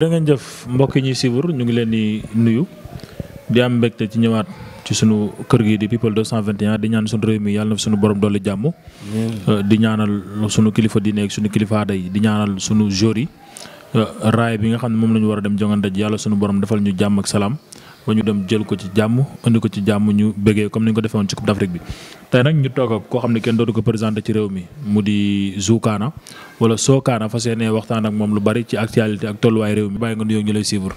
da jëf mbokk yi ñuy suivre ñu ngi leen ni nuyu di am mbégte ci ñëwaat ci sunu kër gi di people 221 di ñaan sunu réew mi yàlla na sunu borom dolli jàmm. di ñaanal sunu kilifa diine ak sunu kilifa aada yi di ñaanal sunu jour yi raay bi nga xam ne moom la ñu war a dem jongante ji yàlla sunu borom defal ñu jàmm ak salaam. ba ñu dem jël ko ci jàmm indi ko ci jàmm ñu bëggee comme ni ñu ko defee woon ci Coupe d'Afrique bi. tey nag ñu toog ak koo xam ne kenn dootu ko présenté ci réew mi mu di Zoukana wala Sokana fas yéenee waxtaan ak moom lu bari ci actualité ak tolluwaay réew mi bàyyi nga nuyoo ñu lay suivre.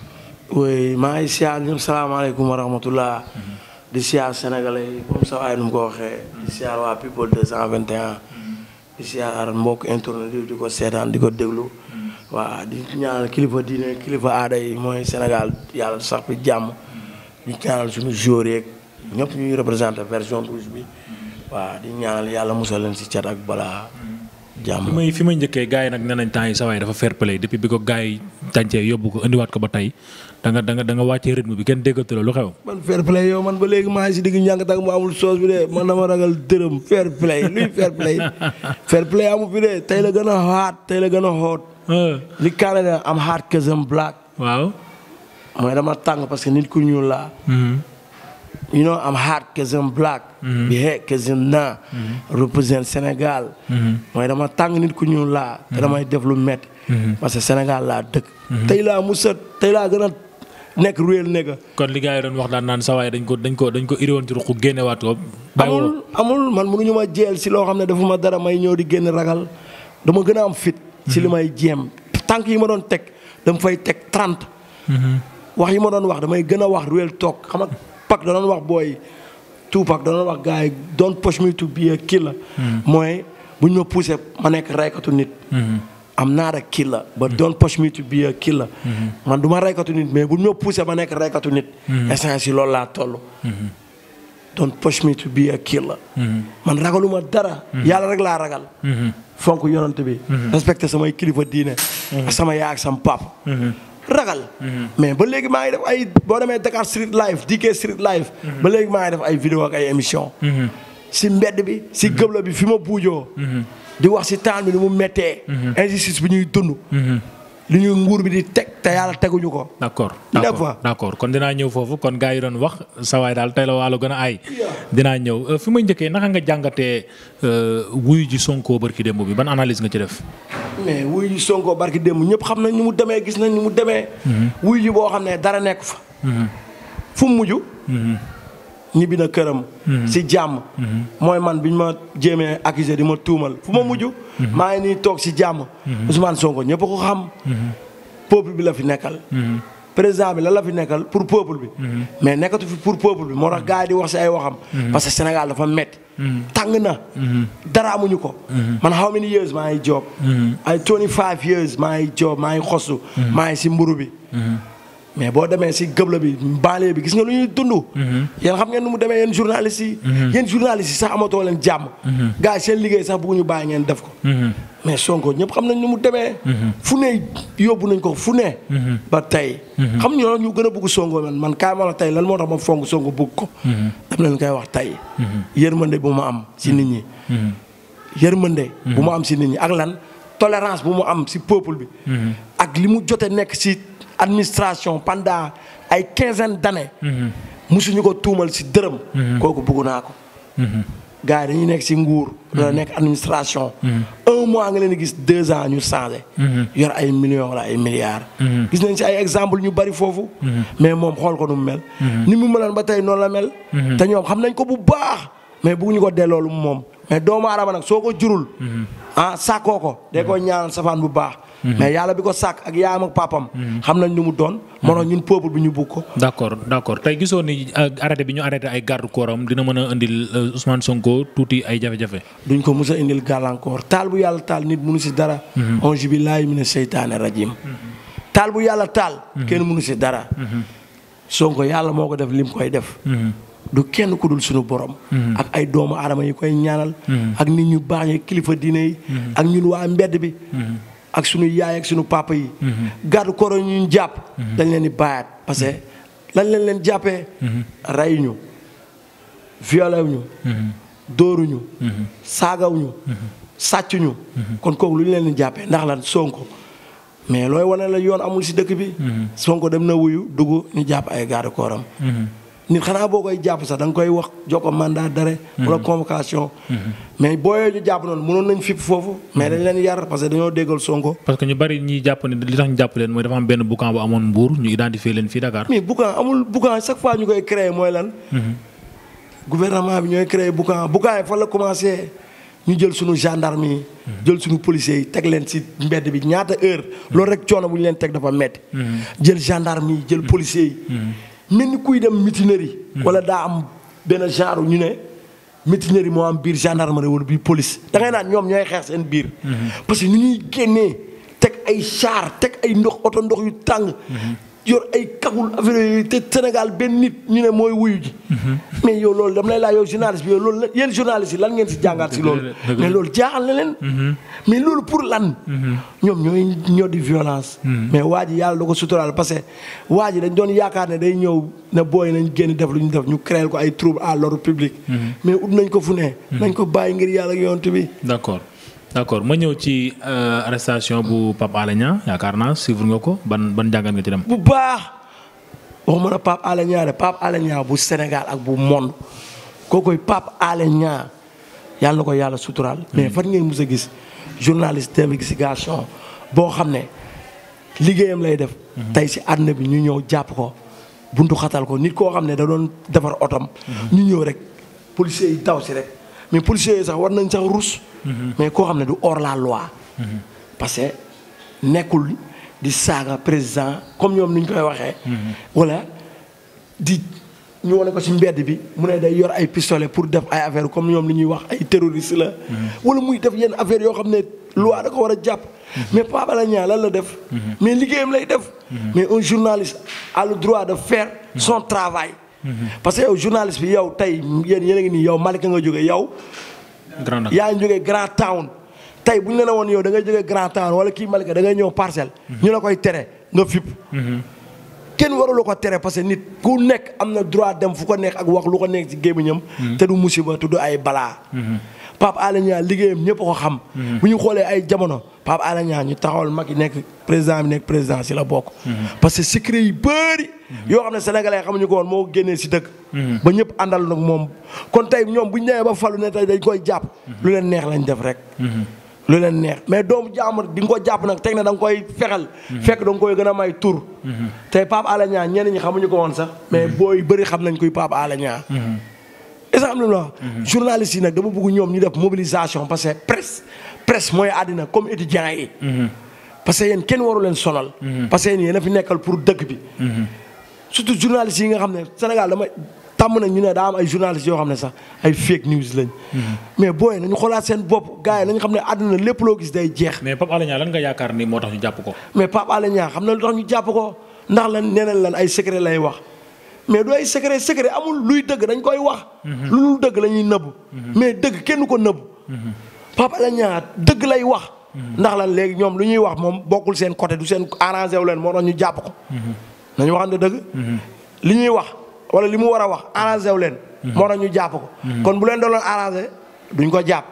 oui maa siyaar ñoom salaamaaleykum wa rahmatullah mhm. di siyaar sénégalais yi comme ça waaye nu mu ko waxee. di siyaar waa people 221. Mhm. di siyaar mbokk internet yi di ko seetaan di ko déglu. Mhm. waaw di ñaanal di ñaanal suñu joueur yeeg ñëpp ñuy représenté version rouge bi waaw di ñaanal yàlla musal leen si cat ak balaa. jàmm fi may fi may njëkkee gars yi nag nee nañ temps yi sawaay dafa fair play depuis bi ko gars yi tàncee ko indiwaat ko ba tey da nga da nga da bi kenn déggatu lu xew. man fair play yow man ba léegi maa ngi si digg njàng tak mu amul soos bi de man dama ragal dërëm fair play luy fair play fair play amu fi de tey la gën a xaat tey la gën a xoot. Ah. li Ah, mooy dama tàng parce que nit ku ñuul laa. Mm-hmm. you am I'm hard cause I'm black. Mm-hmm. bi hee cause I'm naa. Mm-hmm. represent Sénégal. mooy dama tàng nit ku ñuul laa. te damay def lu métti. parce que Sénégal laa dëkk. tey laa mu sët tey laa gën a nekk ruel nekk. kon li doon wax daan naan sa waay dañ ko dañ ko dañ ko iriwoon ci ruq génnewaat ko. amul amul man mënuñu ma jeel si loo xam ne dafa ma dara may ñëw di génn ragal dama gën a am fit. si li may jéem tànk yi ma doon teg dama fay teg trente. wax yi ma doon wax damay gën a wax real talk xam nga Pac da doon wax booy Tupac da doon wax gars yi don't push me to be a killer hmm. bu ñu ma poussé ma nekk raykatu nit am naa rek killer but don't push me to be hmm. man du ma raykatu nit mais bu ñu ma poussé ma nekk raykatu nit hmm. essence yi loolu laa toll don't push me to a killer man ragaluma dara yàlla rek laa ragal fonk yonent bi respecté samay kilifa diine sama yaay ak sama ragal. mais ba léegi maa ngi def ay boo demee Dakar Street Live DK Street Live. ba léegi maa ngi def ay vidéo ak ay émission si mbedd bi si gëbla bi fi ma buujoo. di wax si taan bi ni mu méttee. injustice bi ñuy dund. li ñu nguur bi di teg te yàlla teguñu ko. d' accord d' accord kon dinaa ñëw foofu kon gaa yi doon wax sawaay daal tey la waalo gën a ay dinaa ñëw euh, fi ma njëkkee naka nga jàngatee euh, wuyu ji Sonko barki démb bi ban analyse nga ci def. mais wuyu ji Sonko barki démb ñëpp xam nañ ñu mu demee gis nañ ni mu demee. Mhm. wuyu ji boo xam ne dara nekk fa. Mhm. fu mu mujj. Mhm. ñibbi na këram. si jàmm. mooy man bi ñu ma jéemee accusé di ma tuumal fu ma mujj. Mhm. maa ngi nii toog si jàmm. Mhm. Ousmane Sonko ñëpp ko xam. Mhm. peuple bi la fi nekkal. président bi la la fi nekkal pour peuple bi. mais nekkatu fi pour peuple bi moo tax gars di wax si ay waxam. parce que Sénégal dafa metti tàng na. dara amuñu ko. man how many years maa ngi job ay 25 years maa job maa ngi xosu. si mburu bi. mais boo demee si gëbla bi banlieue bi gis nga lu ñuy dund. Mhm. yéen xam ngeen nu mu demee yéen journalistes yi. Mhm. yéen journalistes yi sax amatoo leen jàmm. Mhm. gars yi liggéey sax bëgguñu bàyyi ngeen def mais Sonko ñëpp xam nañ nu mu demee. fu ne yóbbu nañ ko fu ne. ba tey. xam nga ñu gën a bëgg Sonko man man kaay ma la tey lan moo tax ma fonk Sonko bëgg ko. dama leen koy wax tey. yërmande bu ma am si nit ñi. yërmande. bu ma am si nit ñi ak lan tolérance bu mu am si peuple bi. ak li mu jotee nekk si. administration pandaa ay anne quinzaine d'années. Mhm. ñu ko tuumal si dërëm. Mhm. kooku bugg naa ko. Mhm. gars yi dañuy nekk si nguur. dana nekk administration. un mois nga leen di gis deux ans ñu changé. ay millions wala ay milliards. gis nañ si ay exemple ñu bari foofu. mais moom xool ko nu mu mel. ni mu meloon ba tey noonu la mel. te ñoom xam nañ ko bu baax mais bugguñu ko delloo lu moom mais doomu aadama nag soo ko jurul. ah sàkkoo ko. de ko ñaan safaan bu baax. Mhm. mais yàlla bi ko sàkk ak yaayam ak papam mhm. xam nañ ñu mu doon. mënoon mhm. ñun peuple bi ñu bugg ko. d' accord d' accord tey gisoo ni euh, arrêté bi ñu arrêté ay garde kooram dina mën a indil euh, Ousmane Sonko tuuti ay jafe-jafe. duñ ko mës a indil gàllankoor taal bu yàlla taal nit mënu si dara. auzu billaahi mina seytaane rajiim. taal bu yàlla taal. kenn mënu si dara. Sonko yàlla moo ko def lim koy def. du kenn ku dul suñu borom. ak ay doomu aadama yi koy ñaanal. ak nit ñu baax ñi kilifa diine ak suñu yaay ak suñu pàpp yi. garde corps yi ñu jàpp. dañ leen di baayaat parce que lan leen leen jàppee. rey ñu violé ñu. dóoru ñu. saagaw kon kooku lu ñu leen di jàppee ndax lan sonko mais looy wane la yoon amul si dëkk bi. sonko dem na wuyu dugg ñu jàpp ay garde corps nit xanaa boo koy jàpp sax da nga koy wax jox ko mandat d'arrêt mhm. wala convocation. Mhm. mais boo ñu jàpp noonu mënoon nañ fipp foofu. mais dañ leen yar parce que dañoo déggal Sonko. parce que ñu bari ñuy jàpp ne li tax ñu jàpp leen mooy dafa am benn boucan bu amoon Mbour ñu identifier leen fii Dakar. mais boucan amul boucan chaque fois ñu koy créer mooy lan. Mhm. gouvernement bi ñooy créer boucan boucan yi fa la commencé. ñu jël suñu gendarme yi. jël suñu policiers teg leen ci mbedd bi ñaata heure. loolu rek coono bu ñu leen teg dafa metti jël gendarme jël policiers mel ni kuy dem mutinerie. Hmm. wala daa am benn genre ñu ne mutinerie moo am biir gendarmerie wala biir police da ngay naan ñoom ñooy xeex seen biir. Hmm. parce que ñu ñuy génnee teg ay char teg ay ndox oto ndox yu tàng. Hmm. yor ay kagul affaire te Sénégal benn nit ñu ne mooy wuyu ji. mais yow loolu dama lay laaj yow journaliste bi yow loolu la yéen journaliste yi lan ngeen si jàngaat si loolu. mais loolu jaaxal na leen. Mhm. mais loolu pour lan. Mhm. ñoom ñooy ñoo di violence. Mhm. mais waa ji yàlla da ko suturaal parce que waa ji dañ doon yaakaar ne day ñëw ne booy nañ génn def lu ñu def ñu créer ko ay trouble à l'ordre mais ut nañ ko fu ne. nañ ko bàyyi ngir yàlla ak bi. d'accord. d' ma ñëw ci euh, arrestation bu Pape Alé yaakaar naa suivre nga ko ban ban jàngat nga ci dem. bu baax waxuma la Pape Alé Niang de bu Sénégal ak bu monde kookoy Pape Alé yàlla na ko yàlla suturaal. Hmm. mais fan ngeen mus a gis journaliste d'investigation boo xam ne liggéeyam lay def. Hmm. tey si àdduna bi ñu ñëw jàpp ko buntu xatal ko nit koo xam ne da doon defar otom. Hmm. ñu ñëw rek policiers yi taw si rek. mais policiers sax war nañ sax rus. Mhm. mais koo xam ne du hors la loi. Mhm. parce que nekkul di saaga président comme ñoom ni ñu koy waxee. Mhm. walla di ñu wane ko ci mbedd bi mu ne day yor ay pistolet pour def ay affaire comme ñoom lu ñuy wax ay terroriste la. wala muy def yenn affaire yoo xam ne loi da ko war a jàpp. mais Pape la Niang lan la def. mais liggéeyam lay def. mais un journaliste àll le droit de faire son travail. parce que yow journaliste bi yow tey yéen yéen a ngi nii yow Malika nga jógee yow. Grand Dakar yaa ngi jógee Grand Town. tey bu ñu la ne woon yow da ngay jógee Grand Town wala kii Malika da ngay ñëw parcelle. ñu la koy tere nga fipp kenn warulu ko tere parce que nit ku nekk am na droit dem fu ko nekk ak wax lu ko nekk ci gémmiñam te du musiba te du ay balaa. Pape Alé Niang liggéeyam ñëpp a ko xam. bu ñu xoolee ay jamono Pape Alé Niang ñu taxawal mag yi nekk président bi nekk président si la bokk. yoo xam ne sénégalais xamuñu ko woon moo génnee si dëkk ba ñëpp àndal nag moom kon tey ñoom buñ ñëwee ba falu ne tey dañ koy jàpp lu leen neex lañ def rek lu leen neex mais doomu jaamur di nga ko jàpp nag teg na da nga koy fexel fekk da a may tur tey Pape Alé Niang ñi xamuñu ko woon sax mais booy bëri xam nañ kuy Pape Alé Niang exemple la journaliste yi nag dama bëgg ñoom ñu def mobilisation parce que presse presse mooy àddina comme étudiants yi parce que yéen kenn waru leen sonal parce que yéen a fi nekkal pour dëkk bi surtout journalistes yi nga xam ne Sénégal dama tàmm nañ ñu ne daa am ay journalistes yoo xam ne sax ay fake news lañ. Mm-hmm. mais booy nañu xoolaat seen bopp gars nañu xam ne àdduna lépp loo gis day jeex. mais Pape Alé Niang lan nga yaakaar ni moo tax ñu jàpp ko. mais Pape Alé Niang xam na ñu jàpp ko ndax lan neneen lan ay secret lay wax mais du ay secret amul luy dëgg dañ koy wax. Mm-hmm. lu dul dëgg la ñuy nëbb. Mm-hmm. mais dëgg kenn ko nëbb. Pape Alé Niang dëgg lay wax. ndax lan léegi ñoom lu ñuy wax moom bokkul seen côté du seen arrangé wu leen moo tax ñu jàpp ko. nañu waxante dëgg. li ñuy wax wala li mu war a wax arrangé wu leen. moo tax ñu jàpp ko. kon bu leen doonoon arrangé duñ ko jàpp.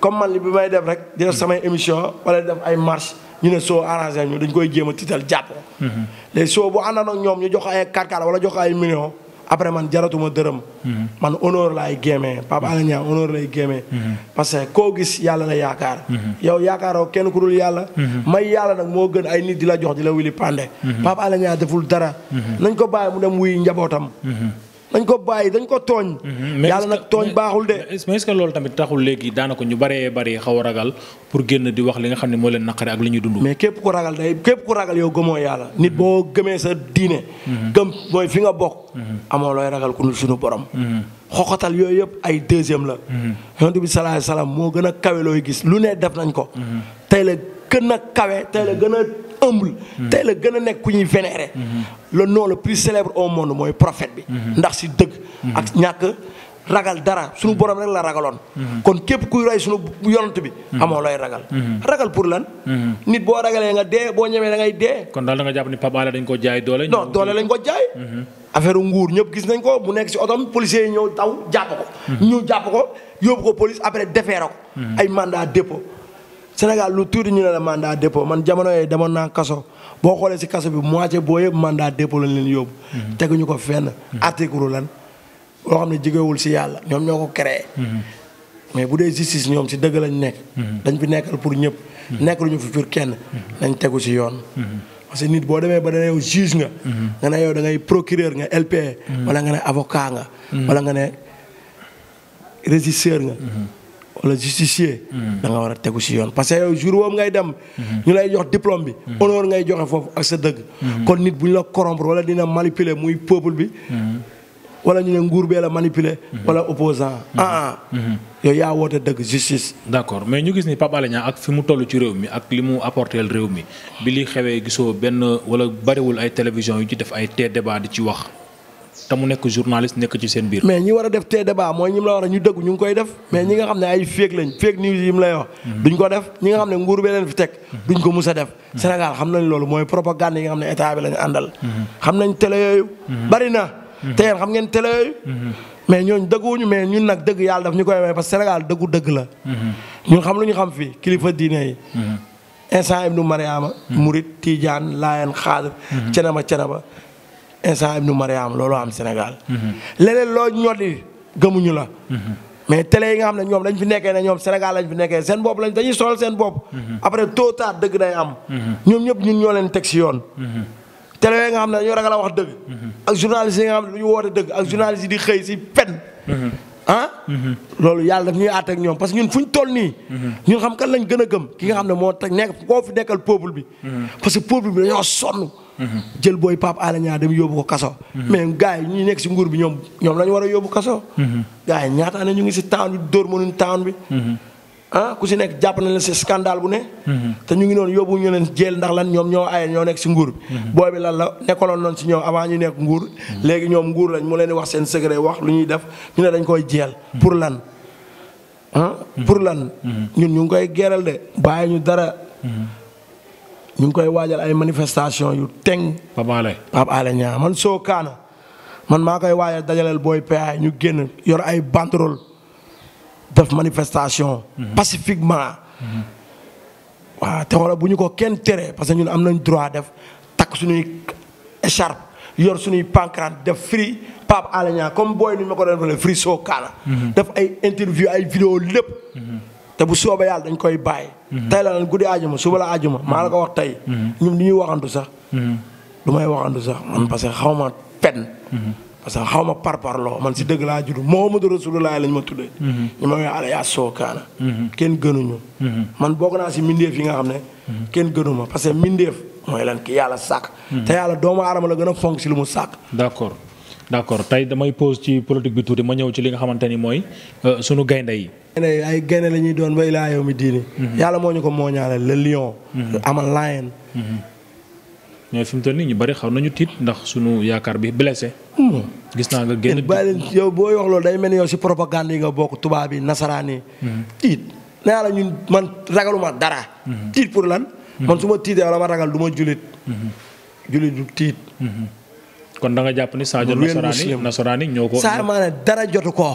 comme man li bi may def rek di def samay émission wala di def ay marche ñu ne soo arrangé ñu dañ koy jéem a tiital jàpp ko. Mm-hmm. léegi soo bu àndandoo ak ñoom ñu jox ko ay kàrkaar wala jox ay million après man jaratuma dërëm. Mhm. man honneur laay gémmee Pape Alé Niang lay gémmee. Mhm. parce que koo gis yàlla la yaakaar. Mhm. yow yaakaaroo kenn ku dul yàlla. may yàlla nag moo gën ay nit di la jox di la wili pande. Pape Alé Niang deful dara. nañ ko bàyyi mu dem wuy njabootam. dañ ko bàyyi dañ ko tooñ. Mhm. yàlla nag tooñ baaxul de. mais est loolu tamit taxul léegi daanaka ñu baree bari xaw a ragal pour génn di wax li nga xam ne moo leen naqari ak lu ñu dund. mais képp ku ragal day képp ku ragal yow gëmoo yàlla. nit mhm. boo gëmee sa diine. Mhm. gëm mooy fi nga bokk. amoo looy ragal ku dul suñu borom. xoxatal yooyu yëpp ay deuxième la. yonent bi salaay salaam moo gën a kawe looy gis lu ne def nañ ko. tey la gën a kawe tey la gën a humble tey la gën a nekk ku ñuy vénérer le nom le plus célèbre au monde mooy prophète bi ndax si dëgg ak ñàkk ragal dara suñu borom rek la ragaloon kon képp kuy roy suñu yonant bi amoo looy ragal ragal pour lan nit boo ragalee nga dee boo ñemee da ngay dee kon daal da nga jàpp ni Pape dañ ko jaay doole non doole lañ ko jaay affaire nguur ñëpp gis nañ ko mu nekk si otom policiers yi ñëw daw jàpp ko ñu jàpp ko yóbbu ko police après defeere ko ay mandat dépôt Sénégal lu tuuti ñu ne la mandat dépôt man jamono yooyu demoon naa kaso boo xoolee si kaso bi moitié boo yëpp mandat dépôt lañ leen yóbbu. Mhm. teguñu ko fenn. Mhm. article lan loo xam ne jigéewul si yàlla ñoom ñoo ko créé. Mhm. mais bu dee justice ñoom si dëgg lañ nekk. dañ fi nekkal pour ñëpp. nekkaluñu fi pour kenn. nañ tegu si yoon. parce que nit boo demee ba dana yow juge nga. nga ne yow da ngay procureur nga LP. wala nga ne avocat nga. wala nga ne régisseur nga. wala justicier. Hmm. da nga war a tegu si yoon parce que yow jour boobu ngay dem. Hmm. ñu lay jox diplôme bi. Hmm. honneur ngay joxe foofu ak sa dëgg. kon nit bu ñu la corrompre wala dina manipuler muy peuple bi. wala ñu ne nguur bee la manipule wala opposant ah ah. yooyu yaa woote dëgg justice. d' accord mais ñu gis ni Pape Alé ak fi mu toll ci réew mi ak li mu apporté réew mi bi li xewee gisoo benn wala bariwul ay télévision yu ci def ay tee débat di ci wax. te mu nekk journaliste nekk ci seen biir. mais ñi war a def tey débat mooy ñi la war a ñu dëgg ñu ngi koy def mais ñi nga xam ne ay fake lañ fake news yi mu lay wax. Mhm. duñ ko def ñi nga xam ne nguur bi fi teg. duñ ko mus a def. Mhm. Sénégal xam nañ loolu mooy propagande yi nga xam ne état bi lañ àndal. Mhm. xam nañ télé yooyu. bari na. te yéen xam ngeen télé yooyu. mais ñooñu dëgguwuñu mais ñun nag dëgg yàlla daf ñu koy may parce que Sénégal dëggu dëgg la. ñun xam lu ñu xam fii kilifa diine yi. instant ibnu Mariama. instant ibnu mariama looloo am Sénégal. leneen loo ñoddi gëmuñu la. mais télé yi nga xam ne ñoom dañ fi nekkee ne ñoom Sénégal lañ fi nekkee seen bopp lañ dañuy sol seen bopp. après tôt tard dëgg day am. ñoom ñëpp ñun ñoo leen teg si yoon. télé yooyu nga xam ne dañoo ragal a wax dëgg. ak journaliste yi nga xam ne dañu woote dëgg ak journaliste yi di xëy si fen. ah. loolu yàlla daf ñuy àtte ñoom parce que ñun fuñ tol nii. ñun xam kan lañ gën gëm ki nga xam ne moo tax nekk koo fi nekkal peuple bi. parce que peuple bi dañoo sonn. jël booy Pape Alé Niang dem yóbbu ko kaso. mais gars yi ñuy nekk si nguur bi ñoom ñoom lañu ñu war a yóbbu kaso. gars yi ñaata ne ñu ngi si town bi dóor mënuñ town bi. ah ku si nekk jàpp na leen si scandale bu ne. te ñu ngi noonu yóbbu ñu leen jël ndax lan ñoom ñoo aye ñoo nekk si nguur bi. booy bi lan la nekkaloon noonu si ñoom avant ñu nekk nguur. léegi ñoom nguur lañ mu leen wax seen secret wax lu ñuy def ñu ne dañ koy jël pour lan. ah pour lan. ñun ñu ngi koy geral de bàyyi ñu ngi koy waajal ay manifestation yu teng. Pape Alé Pape man soo kaana man maa koy waajal dajaleel booy PA ñu génn yor ay banderole def manifestation. Mhm. pacifiquement. Mhm. waaw te wala bu ñu ko kenn teree parce que ñun am nañ droit def takk suñuy écharpe yor suñuy pancarte def free Pape Alé Niang comme booy nu ma ko doon fële free soo kaana mhm. def ay interview ay vidéo lépp. te bu soobee yàlla dañ koy bàyyi. Mhm. tey la guddi aajuma suba la aajuma maa la ko wax tey. Mhm. ñun du ñuy waxantu sax. Mhm. du may waxantu sax man parce que xaw ma pen. parce que xaw ma parparloo man si dëgg laa judd Muhammadu Rasulullah lañ ma tuddee. ñu ma wooyee Alaya Sookaana. kenn gënuñu. man bokk naa si mbindeef yi nga xam ne. kenn gënu ma parce que mbindeef mooy lan ki yàlla sàkk. te yàlla doomu aadama la gën a fonk si lu mu sàkk. d'accord d'accord tey damay pause ci politique bi tuuti ma ñëw ci li nga xamante mooy euh, sunu gaynde yi. ay gaynde la ñuy doon bay laa yow mi diini. Mhm. yàlla moo ñu ko moo ñaanal le lion. Mhm. amal lion. Mhm. mais fi mu toll nii ñu bari xaw nañu tiit ndax sunu yaakaar bi blessé. Hmm. gis naa nga génn eh, bàyyi yow boo wax loolu day mel ni yow si propagande yi nga bokk tubaab yi nasaraan yi. tiit nee la ñun man ragaluma dara. tiit pour lan. man su ma tiitee wala ma ragal du ma julit. du kon da nga jàpp ni Sadio nasaraani nasaraani ñoo ko. Sadio Mané dara jotu ko.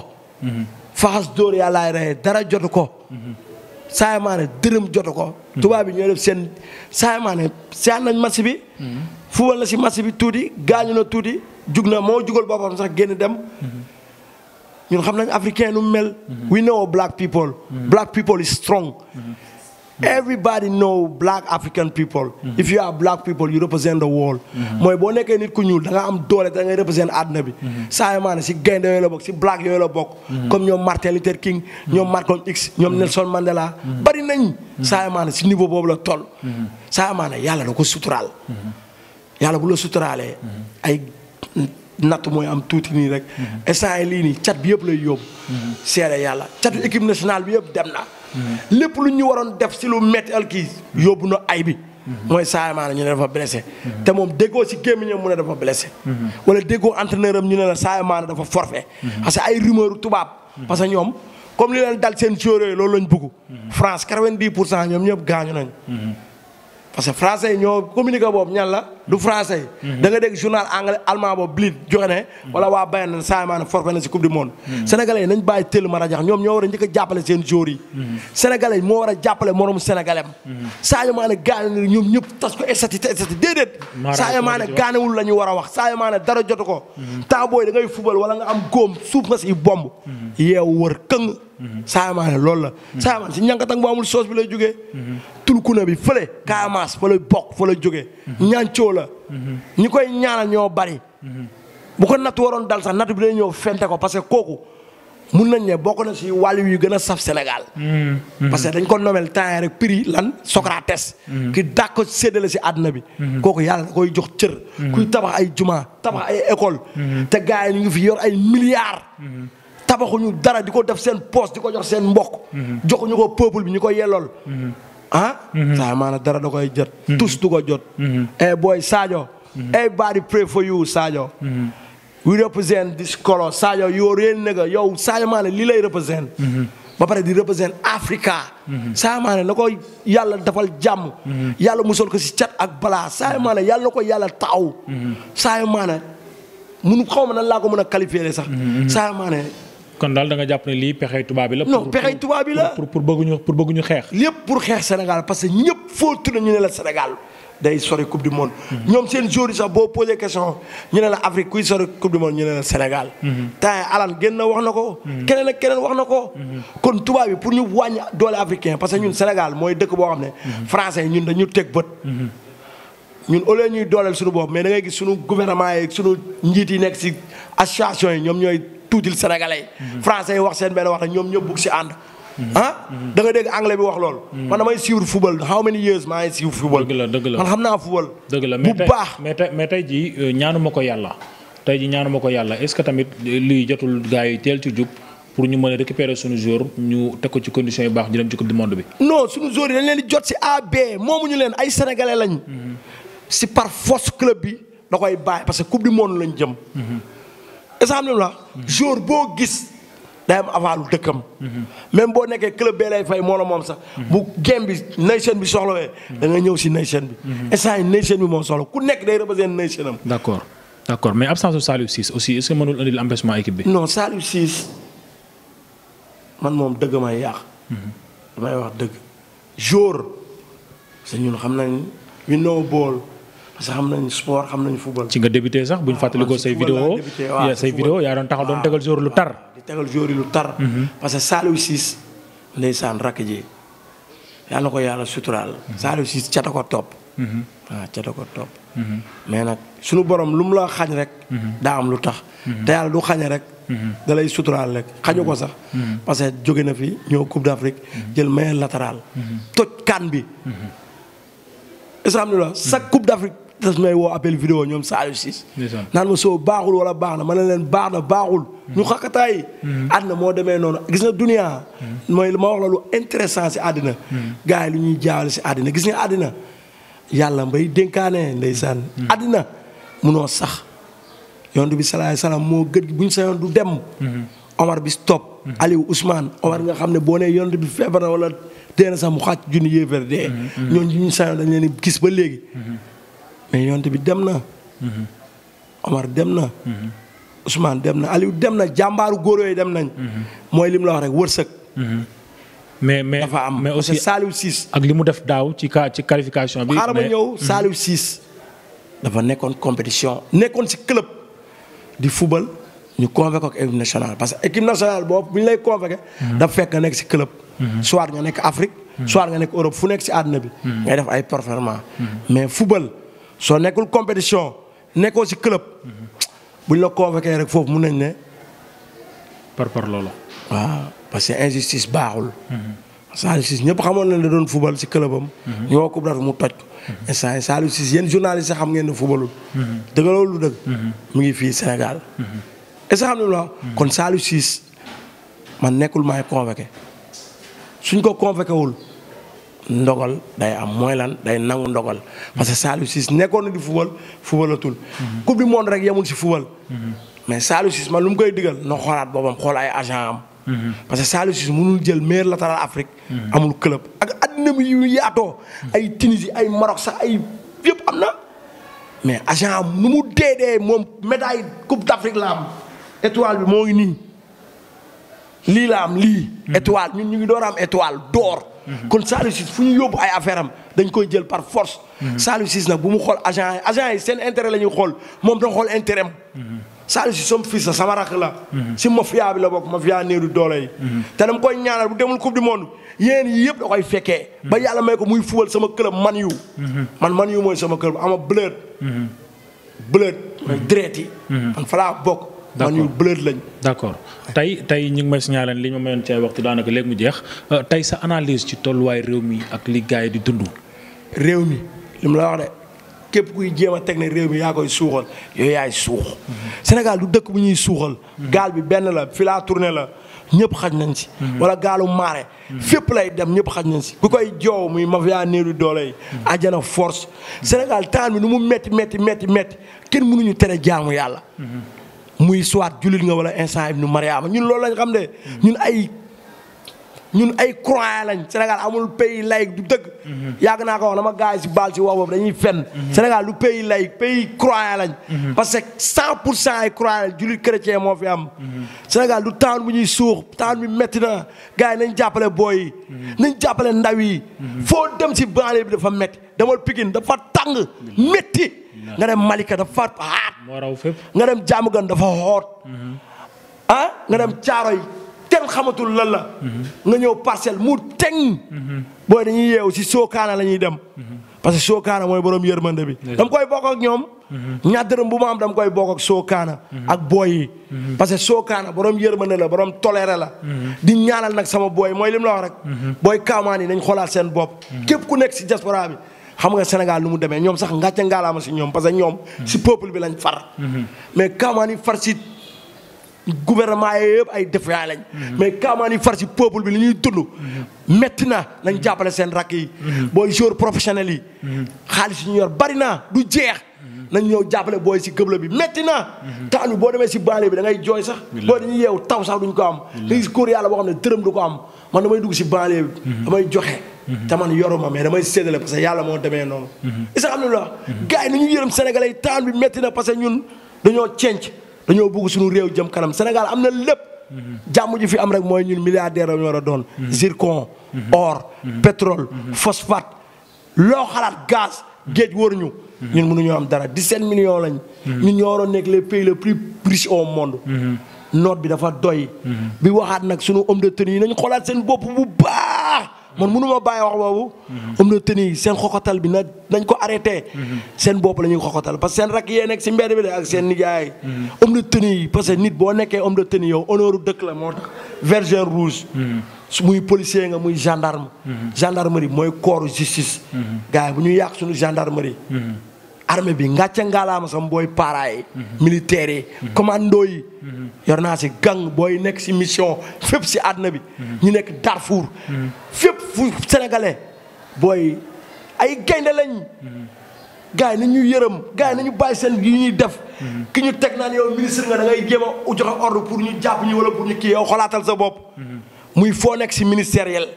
Mhm. faxas dóor yàllaay rey dara jotu ko. Mhm. Sadio Mané dërëm jotu ko. Mhm. tubaab bi ñoo def seen Sadio Mané seet nañ match bi. fuwal na si match bi tuuti gaañu na tuuti jug na moo jugal boppam sax génn dem. ñun xam nañ africain nu mel. we know black people. black people is strong. Mm -hmm. everybody know black African people. if you are black people you represent the world. mooy boo nekkee nit ku ñuul da am doole da ngay represent àdduna bi. Sadio Mané si gaynde yooyu la bokk si black yooyu la bokk. comme ñoom Martin Luther King. ñoom Malcolm X ñoom Nelson Mandela. bari nañ Sadio Mané si niveau boobu la toll. Sadio Mané yàlla da ko suturaal. yàlla bu la suturaalee. ay natt mooy am tuuti nii rek. instant yii lii nii cat bi yëpp lay yóbbu. seere yàlla catu équipe nationale bi yëpp dem na. lépp lu ñu waroon def si lu metti al yóbbu na ay bi. mooy Sadio Mané ñu ne dafa blessé. te moom déggoo si gémmiñam mun ne dafa blessé. wala déggoo entraîneur am ñu ne la Sadio Mané dafa forfait. parce que ay rumeur tubaab. parce que ñoom comme li leen dal seen joueur loolu lañ bëgg. France 90 pour cent ñoom ñëpp gaañu nañ parce que français yi ñoo communiqué boobu ñan la du français yi. Mhm. da nga dégg journal anglais allemand boobu Bild joxe ne. Mhm. wala waa Bayern na saa maanaam coupe du monde. Mhm. sénégalais yi nañ bàyyi ma rajax ñoom ñoo war a njëkk a jàppale seen joueurs yi. sénégalais yi moo war jàppale moromu sénégalais am. Sadio Mané gaañ na ñoom ñëpp tas ko estati estati déedéet. Sadio Mané gaanewul la ñu war a wax Sadio Mané dara jotu ko. temps booy da ngay fubal wala nga am góom suuf nga saamaane loolu la mhm. saamaan si ñankatang bu amul soos bi lay jógee mhm. tulkuna bi fële kaamaas fa lay bokk fa lay jógee mhm. ñaancoo la ñi koy ñaanal ñoo bari bu ko natt waroon dal sax natt bi day ñëw fente ko parce que kooku mun nañ ne bokk na si wàllu yu gën a saf Sénégal parce que dañ ko nomel temps rek prix lan Socrates ki dàq ko séddale si àdduna bi kooku yàlla koy jox cër kuy tabax ay juma tabax ay école te gars yi fi yor ay milliards tabaxuñu dara di ko def seen poste di ko jox seen mbokk. joxuñu ko peuple bi ñu ko yellool. ah. Mhm. saa maanaam dara da koy jot. Mhm. tus du ko jot. Mhm. eh boy Sadio. everybody eh, pray for you Sadio. we represent this color Sadio yow real nigga yow Sadio Mané li lay represent. ba pare di represent Africa. Sadio Mané na ko yàlla dafal jàmm. yàlla musal ko si cat ak balaa Sadio Mané ko yàlla taaw. munu xaw ma nan laa ko mën a qualifier sax. Sadio Mané. kon daal da nga jàpp ne lii pexey tubaab bi la. non pexey tubaab bi la pour pour bëgguñu pour bëgguñu xeex. lépp pour xeex Sénégal parce que ñëpp foo tudd ñu ne la Sénégal day sori coupe du monde. Mhm. ñoom seen jour yi sax boo posé question ñu ne la Afrique kuy sori coupe du monde ñu ne Sénégal. Mhm. temps alan génn na wax na ko. Mhm. keneen ak keneen wax na ko. kon tubaab yi pour ñu wàññi doole africain parce que ñun Sénégal mooy dëkk boo xam ne. français ñun dañu teg bët. ñun au ñuy dooleel suñu bopp mais da ngay gis suñu gouvernement yi suñu njiit yi nekk si association yi ñoom ñooy. tuutil sénégalais mhm. français yi wax seen benn wax rek ñoom ñëpp bugg si ànd mhm. ah mhm. da nga dégg anglais bi wax loolu man damay suivre football how many years maa ngi suivre football dëgg la dëgg la man xam naa football dëgg bu baax mais tey mais jii euh, ñaanuma ko yàlla tey jii ñaanuma ko yàlla est-ce que tamit euh, lii jotul gars yi teel ci jub pour ñu mën a récupérer suñu joueur ñu teg ko ci condition yu baax ñu dem ci coupe du monde bi non suñu joueur yi dañ leen di jot si AB moomuñu leen ay bi da koy parce que coupe du monde lañ jëm exemple la jour boo gis day am avalu dëkkam. même boo nekkee club bee lay fay moo la moom sax. bu game bi nation bi soxlawee. da nga ñëw si nation bi. instant yi nation bi moo soxla ku nekk day représenté nation am. d' accord d' accord mais absence su Saliou Ciss aussi est ce que mënul indil empêchement équipe bi. non Saliou Ciss man moom dëgg may yàq. Mhm. damay wax dëgg jour. parce ñun xam nañ we know ball parce que xam nañu sport xam nañu football. ci nga débuté sax bu ñu ah, fàttalikoo say vidéo waaw say vidéo yaa doon taxaw doon ah, tegal jour lu tar. di tegal mm-hmm. parce que Saliou Ciss ndeysaan rakk ji yal na ko yàlla suturaal. Mm-hmm. Saliou Ciss cata ko topp. waaw mm-hmm. ah, cata ko topp. mais nag suñu borom lu mu la xañ rek. daa am lu tax. te yàlla du xañe rek. da lay suturaal rek xañu ko sax. parce que jóge na fi ñëw Coupe d'Afrique jël meilleur latéral. toj kan bi. islam ni la chaque Coupe d'Afrique. daf may woo appel vidéo ñoom Saliou Ciss naan ma soo baaxul wala baax na ma ne leen baax na baaxul ñu xaqataay mm-hmm. àddina moo demee noonu gis nga dunia mm-hmm. mooy ma wax la lu intéressant si àddina mm-hmm. gars yi lu ñuy jaawale si àddina gis nga àddina yàlla mbay dénkaane ndeysaan àddina munoo sax yonent bi salaay salaam moo gën bu ñu sa yoon du dem Omar bi stop Aliou Ousmane Omar nga xam ne boo nee yonent bi feebar na wala dee na sax mu xàcc junni ba léegi mais yonte bi dem na. Mhm. Omar dem na. Mhm. Ousmane dem na Aliou dem na jàmbaaru góor yooyu dem nañ. Mhm. mooy lim la wax rek wërsëg. mais mais dafa am mais aussi Saliou Ciss ak li mu def daaw ci ci qualification bi. xaaral ma ñëw Saliou Ciss dafa nekkoon compétition nekkoon si club di football ñu convoqué ko équipe nationale parce que équipe nationale boobu bu ñu lay convoqué. dafa fekk nga nekk ci club. soit nga nekk Afrique. soit nga nekk Europe fu nekk si àdduna bi. ngay def ay performance mais soo nekkul compétition nekkoo si club buñ la convoqué rek foofu mun nañ ne. par par loolo waaw parce que injustice baaxul. Saliou Ciss ñëpp xamoon nañ la doon fubal si clubam. ñoo ko mu toj. instant yii Saliou Ciss yéen journaliste xam ngeen ne fubalul. dëgg loolu mu ngi fii Sénégal. est-ce que xam nga lu kon Saliou Ciss man nekkul maay convoqué suñ ko convoqué wul. ndogal day am mooy lan day nangu ndogal parce que Saliou Ciss nekkoon na di fubal fubalatul. Mhm. coupe du monde rek yemul si fubal. Mhm. mais Saliou Ciss man lu mu koy digal na xoolaat boppam xool ay agent am. Mhm. parce que Saliou Ciss mënul jël meilleur latéral Afrique. amul club ak addina ay Tunisie ay Maroc sax ay am na. mais agent am nu mu dee dee moom médaille coupe d'Afrique la étoile bi mooy ngi nii lii la am lii. étoile ñun ñu ngi door am étoile d'or. kon Saliou fu ñu yóbbu ay affaire am dañ koy jël par force. Mhm. Saliou Ciss nag bu mu xool agent yi agent yi seen intérêt la ñuy xool moom da xool intérêt am. Mhm. Saliou Ciss sama fils la sama rakk la. Mhm. si ma bi la bokk mafia néeru doole yi. te dama koy ñaanal bu demul coupe du monde yéen yii yëpp da koy fekkee. ba yàlla may ko muy fubal sama club man yu. man man yu mooy sama club ama bleu. bleu. mooy dërët man fa bokk. man ñu bëleet lañ. d'accord tey tey ñu ngi may signaler li ma mayoon ci ay waxtu daanaka léegi mu jeex euh, tey sa analyse ci tolluwaay réew mi ak li gars yi di dund. réew mi li mu la wax de képp kuy jéem a teg réew mi yaa koy suuxal yooyu yaay suux. Mhm. Sénégal du dëkk bu ñuy suuxal. gaal bi benn la fi laa la ñëpp xaj nañ ci. Mhm. wala gaalu maare. Mhm. fépp lay dem ñëpp xaj nañ si ku koy joow muy mafia néeru doole yi. ajana force. Sénégal temps bi nu mu metti metti metti metti kenn mënuñu tere jaamu yàlla. muy soit jullit nga wala instant ibnu mariama ñun lool lañ xam de ñun ay ñun ay croyants lañ Sénégal amul pays laïque du dëgg. Mhm. yàgg naa ko wax dama gars yi si baal si wax boobu dañuy fen mhm. Sénégal du pays laïque pays croyants lañ. Mhm. parce que 100 pour cent ay croyants lañ jullit chrétien moo fi am. Sénégal du temps bu ñuy suux temps bi métti na gars nañ jàppale booy yi. nañ jàppale ndaw yi. foo dem si banlieue bi dafa métti demal Pikine dafa tàng métti. nga dem Malika dafa xaat. moo raw fépp nga dem Diamaguène dafa xoot. Mm-hmm. ah nga dem xamatul lan la. Mm-hmm. nga ñëw parcelle mu teng. Mm-hmm. booy dañuy yeewu si soo kaana la ñuy dem. parce que sookaana mooy borom yërmande bi. dam koy bokk ak ñoom. ñaar dërëm bu ma am dam koy bokk ak kaana ak booy yi. parce que sookaana borom yërmande la borom toléré la. di ñaanal nag sama booy mooy lim la rek. booy kaamaan yi nañ xoolaat seen bopp. képp ku nekk si diaspora bi. xam nga Sénégal nu mu demee ñoom sax ngàcce ngaalaama si ñoom parce que ñoom si peuple bi lañ far mais kaamaani yi far si gouvernement yi ay def yaay lañ mais kaamaan yi far si peuple bi li ñuy dund metti na nañ jàppale seen rakk yi mhm. booy joueur professionnel yi mhm. xaalis yi ñu yor bari du jeex nañ ñëw jàppale booy si gëbla bi métti na taal bi boo demee si banlieue bi da ngay jooy sax boo dañuy yeew taw sax duñ ko am da ngay gis góor yàlla boo xam ne dërëm du ko am man damay dugg si banlieue bi mhm. damay joxe mhm. te man yoruma mais damay séddale parce que yàlla moo demee noonu isa mhm. xam ne la gars yi nañu yërëm sénégalais yi bi métti na parce que ñun dañoo cenc dañoo bëgg suñu réew jëm kanam sénégal am na lépp jàmm ji fi am rek mooy ñun milliardaire ñu war a doon zircon or pétrole phosphate loo xalaat gaz géej wër ñun mënuñoo am dara 17 millions lañ. Hmm. ñun ñoo waroon nekk les pays le plus riches au monde. Hmm. note bi dafa doy. Hmm. bi waxaat nag sunu homme de tenue yi nañ xoolaat seen bopp bu baax. man mënu bàyyi wax boobu. homme de tenue yi seen xoxotal bi na nañ ko arrêté. seen bopp la ñuy xoxotal parce que seen rakk yee nekk si mbedd bi de ak seen nijaay. homme de tenue yi parce que nit boo nekkee homme de tenue yow honneur dëkk la moo vergeur rouge. su muy policier nga muy gendarme. gendarmerie mooy corps justice. gars yi yàq suñu gendarmerie. armée bi ngàcce ngaalaama sama booy para mhm. yi militaires mhm. yi commando yi mhm. naa si gang booy nekk si mission fépp si àdduna bi ñu nekk Darfour fépp fu sénégalais booy ay gaynde lañ gars yi na ñu yërëm gars yi nañu bàyyi seen yu ñuy def ki ñu teg naan yow ministre nga da ngay jéem a joxe ordre ñu jàpp ñu wala pour ñu kii yow xolaatal sa bopp muy foo nekk si ministériel.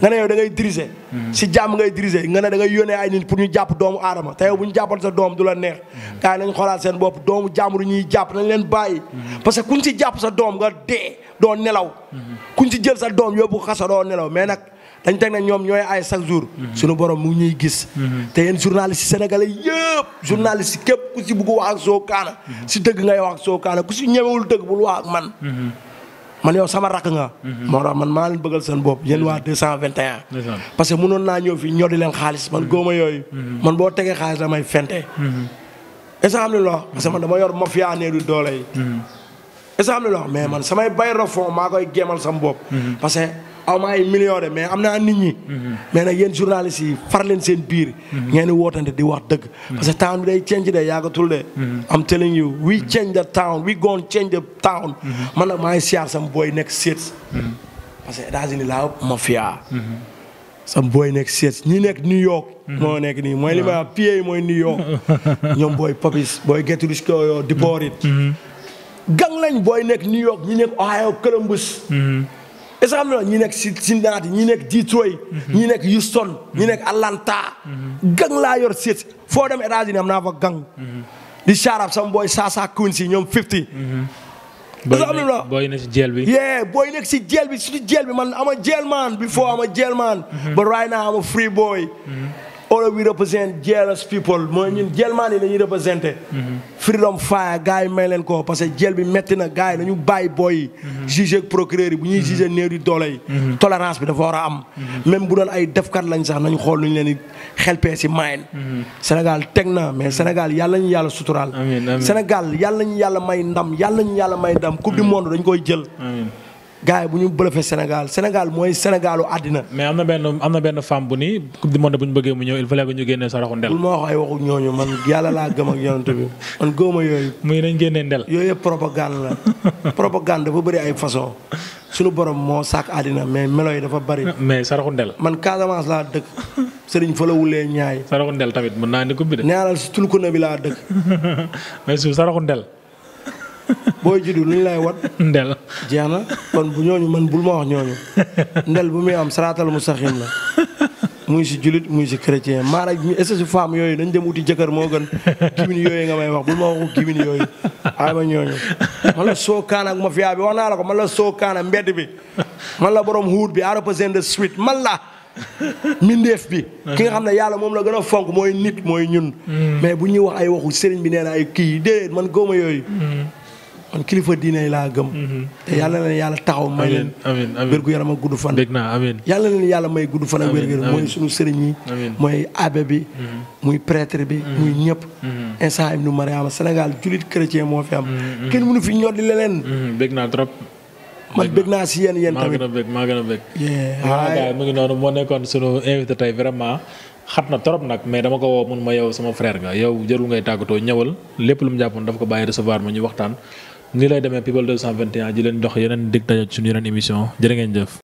nga ne yow da ngay diriger. si jàmm ngay diriger nga ne da ngay yónnee ay nit pour ñu jàpp doomu aadama te yow bu ñu jàppal sa doom du la neex. gars yi nañ xoolaat seen bopp doomu jàmbur ñuy jàpp nañ leen bàyyi. parce que kuñ si jàpp sa doom nga dee doo nelaw. ku si jël sa doom yóbbu xasa doo nelaw mais nag dañ teg ne ñoom ñooy ay chaque jour. sunu borom mu ñuy gis. te yéen journaliste sénégalais yëpp journaliste képp ku si bugg wax ak Sokane. si dëgg ngay wax ak Sokane ku si ñemewul dëgg bul wax man. man yow sama rakk nga. Mhm. moo tax man maa leen bëggal seen bopp yéen waa 221. parce que mënoon naa ñëw i ñoo di leen xaalis man mhm. góoma yooyu. Mhm. man boo tegee xaalis damay fente. est-ce que am man dama yor mafia nee du doole yi. est-ce que am na loo mais man samay bay rofon maa koy gémmal sama bopp. parce que aw ma de mais am naa nit ñi. Mhm. mais nag yéen journalistes yi far leen seen biir. Mhm. ngeen di wootante di wax dëgg. Mhm. parce que town bi day change de yàggatul de. I'm telling you we change the town we gon change the man nag maa siyaar sama booy nekk Seets. parce que États-Unis laa ëpp mafia. sama booy nekk Seets ñi nekk New York. moo nekk nii mooy li ma ah. mooy New York. ñoom booy Papis booy Get Rich uh, Koo di Boor lañ booy nekk New York ñi nekk Ohio Columbus. est ce que xam nga ñi nekk si Cincinnati nekk Detroit. Mhm. ñi nekk Houston. ñi mhm. nekk Atlanta. Mhm. gang laa yor seet foo dem états am naa fa gang. di charab sama booy Sasa Quincy ñoom 50. booy nekk si jeel bi yeah booy nekk si jeel bi surtout jeel bi man ama jeel man before ama jeel man. but right now ama free boy. all we represent jealous people mooy ñun jelmaan yi la ñuy représenté. Mm-hmm. freedom fire gars yi may leen ko parce que jël bi métti na gars yi nañu bàyyi booy yi. Mm-hmm. juge ak procureur yi bu ñuy juge mm-hmm. néew di doole yi. tolérance bi dafa war a am. même bu doon ay defkat lañ sax nañu xool nu ñu leen di xelpee si maayel. Sénégal teg na mais Sénégal yàlla ñu yàlla suturaal. Sénégal yàlla ñu yàlla may ndam yàlla ñu yàlla may ndam coupe du monde dañ koy jël. gars yi bu ñu bluffé Sénégal Sénégal mooy Sénégalu àddina. mais am na benn am na benn femme bu ni coupe du monde bu ñu bëggee mu ñëw il fallait que ñu génnee saraxu ndel. bul ma wax ay waxu ñooñu man yàlla laa gëm ak yonent bi man góoma yooyu. muy nañ génnee ndel. yooyu yëpp propagande la propagande dafa bëri ay façon suñu borom moo sàkk àddina mais melo yi dafa bëri. mais saraxu ndel. man Casamance laa dëkk Serigne fa la ñaay. saraxu ndel tamit mën naa indi coupe bi de. ñaaral si tulukuna bi laa dëkk. mais suuf saraxu ndel booy juddu lu ñu lay wat. ndel jeex na kon bu ñooñu man bul ma wax ñooñu ndel bu muy am saraatal mustaxim la muy si julit muy si chrétien maanaam est-ce que femme yooyu dañ dem uti jëkkër moo gën gimin yooyu nga may wax bul ma waxu gimin yooyu ay ñooñu man la soo kaana ak mafia bi wax naa la ko man la soo kaan ak mbedd bi man la boroom huut bi represent the street man la mindeef bi ki nga xam ne yàlla moom la gën a fonk mooy nit mooy ñun mm. mais bu ñuy wax ay waxu sëriñ bi nee na ay kii déedéet man góoma yooyu mm. kon kilifa diine laa gëm. Mhm. te yàlla na leen yàlla taxaw may leen. amiin yaram ak gudd fan. dégg naa amiin leen yàlla may gudd fan ak wér gu yaram mooy suñu sëriñ yi. mooy abbé bi. Mhm. muy prêtre bi. Mhm. muy ñëpp. instant ibnu Mariama Sénégal julit chrétien moo fi am. kenn mënu fi ñor di leen. dégg naa trop. man bëgg naa si yéen yéen tamit a bëgg maa gën a bëgg. waaye mu ngi noonu moo nekkoon sunu invité tey vraiment. xat na trop nag mais dama ko woo mun ma yow sama frère nga yow jërul ngay tàggatoo ñëwal lépp lu mu jàppoon daf ko bàyyi recevoir ma ñu waxtaan nii lay demee people 221 ji leen dox yeneen dig daje suñu yeneen émission jërë jëf.